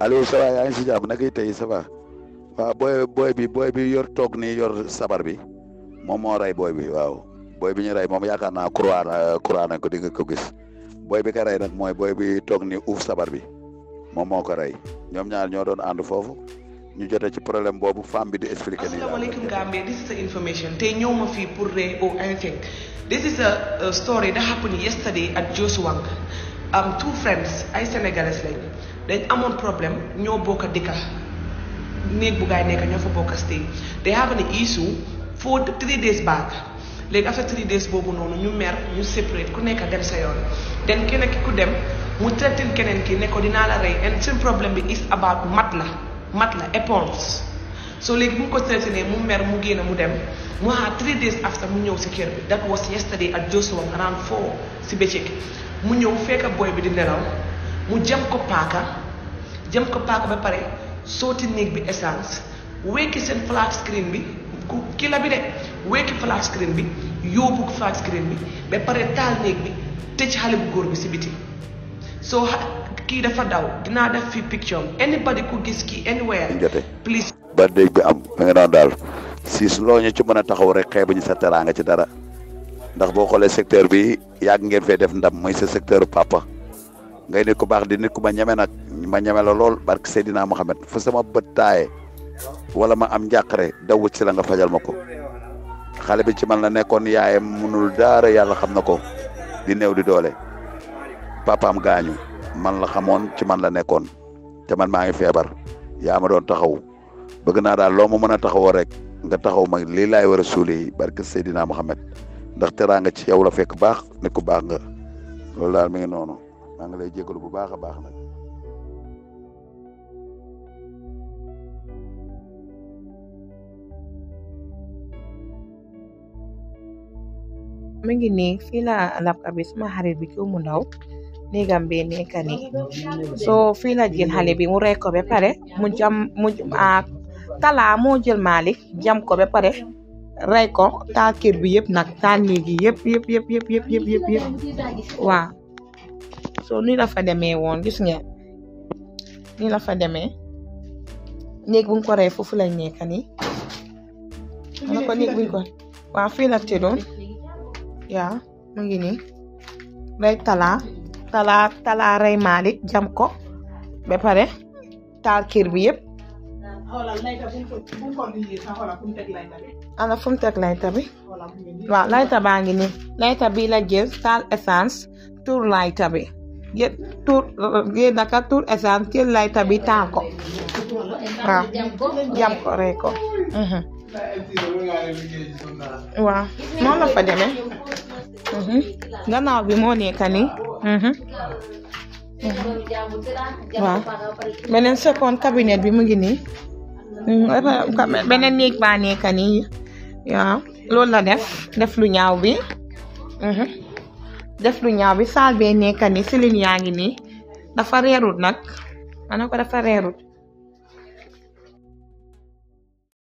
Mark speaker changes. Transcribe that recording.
Speaker 1: Aliou ça va yaa ngi si jàmm naka tey ça va waaw booy bi booy bi yor toog nii yor sabar bi moom rey booy bi waaw booy bi ñu rey moom yaakaar naa croix croix nañ ko di ko gis booy bi ka rey nag mooy booy bi toog nii uuf sabar bi moom moo ko rey ñoom ñaar ñoo doon ànd foofu. ñu jotee ci problème boobu femme bi di expliquer nii asalaamaaleykum
Speaker 2: pour ree or anything this is a story that happened yesterday at Josuwang am two friends ay sénégalais lañ dañ amoon problème ñoo bokk a dëkka néeg bu gaay nekk ñoo fa bokk a stay they have an issue for three days back léegi after three days boobu no new mer new separate ku nekk dem sayon. Then den keneen dem mu traité keneen ki ne ko dinaa la and seen problem bi is about matla matla apples. so like bu mu ko traité mu mer mu génn mu dem mu xaar three days after mu ñëw secure. that was yesterday at Joshua around four si bëccëg mu ñëw fekk booy bi di nelaw mu jëm ko paaka jëm ko paaka ba pare sooti néeg bi essence wekki seen flat screen bi kila bi de wekki flat screen bi yóbbu flat screen bi ba pare taal néeg bi tëj xale bu góor bi si biti soo kii dafa daw dinaa def fi picture am anybody ku gis kii anywhere
Speaker 1: please ba dégg bi am da nga daan daal siis loo ñu ci mën a taxaw rek ñu sa teraanga ci dara ndax bo xolé secteur bi yag ngeen fay def ndam moy ce secteur papa ngay ne ku bax di nit ku ma ñame nak ma ñame la lol barke sayidina mohammed fa sama wala ma am njàqare dawut ci la nga fajal mako xale bi ci man la nekkon yaay munul daara yalla xam ko di néew di doole am gañu man la xamone ci man la nekkon te man ma ngi febar ya ma doon taxaw bëgg na da lo ma mën taxaw rek nga taxaw ma lii laay barke sayidina mohammed ndax teraanga ci yow la fekk bax ne ko bax nga lol dal mi ngi nonu ma nga lay jégalu bu baaxa baax nak
Speaker 3: mi ni fi la bi sama xarit bi mu ndaw bi so fila la jël xale bi mu rey ko ba pare mu jam mu a ah, tala mo jël Malik jam ko ba pare rey ko taal kër bi yëpp nag taal néeg yi yëpp yëpp yëpp yëpp yëpp nu yëpp yëpp waaw soo nii la fa demee woon gis ngeen nii la fa demee néeg buñ ko rey foofu lañ nekk nii
Speaker 1: na ko ko
Speaker 3: waaw fii la tëddoon yaa mu ngi nii rey talaa talaa talaa rey Malick jam ko ba pare taal kër bi yëpp xoolal layta bu teg layta bi. ana fu mu teg layta bi. waaw baa ngi bi la jël taal essence tuur layta bi jël tuur jël naka tuur essence jël layta bi taal jam ko rey ko. Mhm. waaw la fa demee. Mhm. gannaaw bi moo nekk nii. Mhm. waaw beneen seconde cabinet bi mu ngi nii. Mm, eh, beneen néeg baa nekk nii waaw loolu la def def lu ñaaw bi mm-hmm. def lu ñaaw bi saal bee nekk nii silin yaa ngi nii dafa reerut nag ma ne ko dafa reerut